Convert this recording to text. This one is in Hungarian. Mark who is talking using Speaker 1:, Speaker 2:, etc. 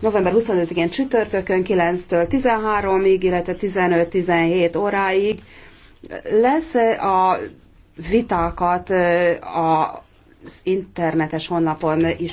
Speaker 1: november 25-én csütörtökön 9-től 13-ig, illetve 15-17 óráig lesz eh, a vitákat eh, az internetes honlapon is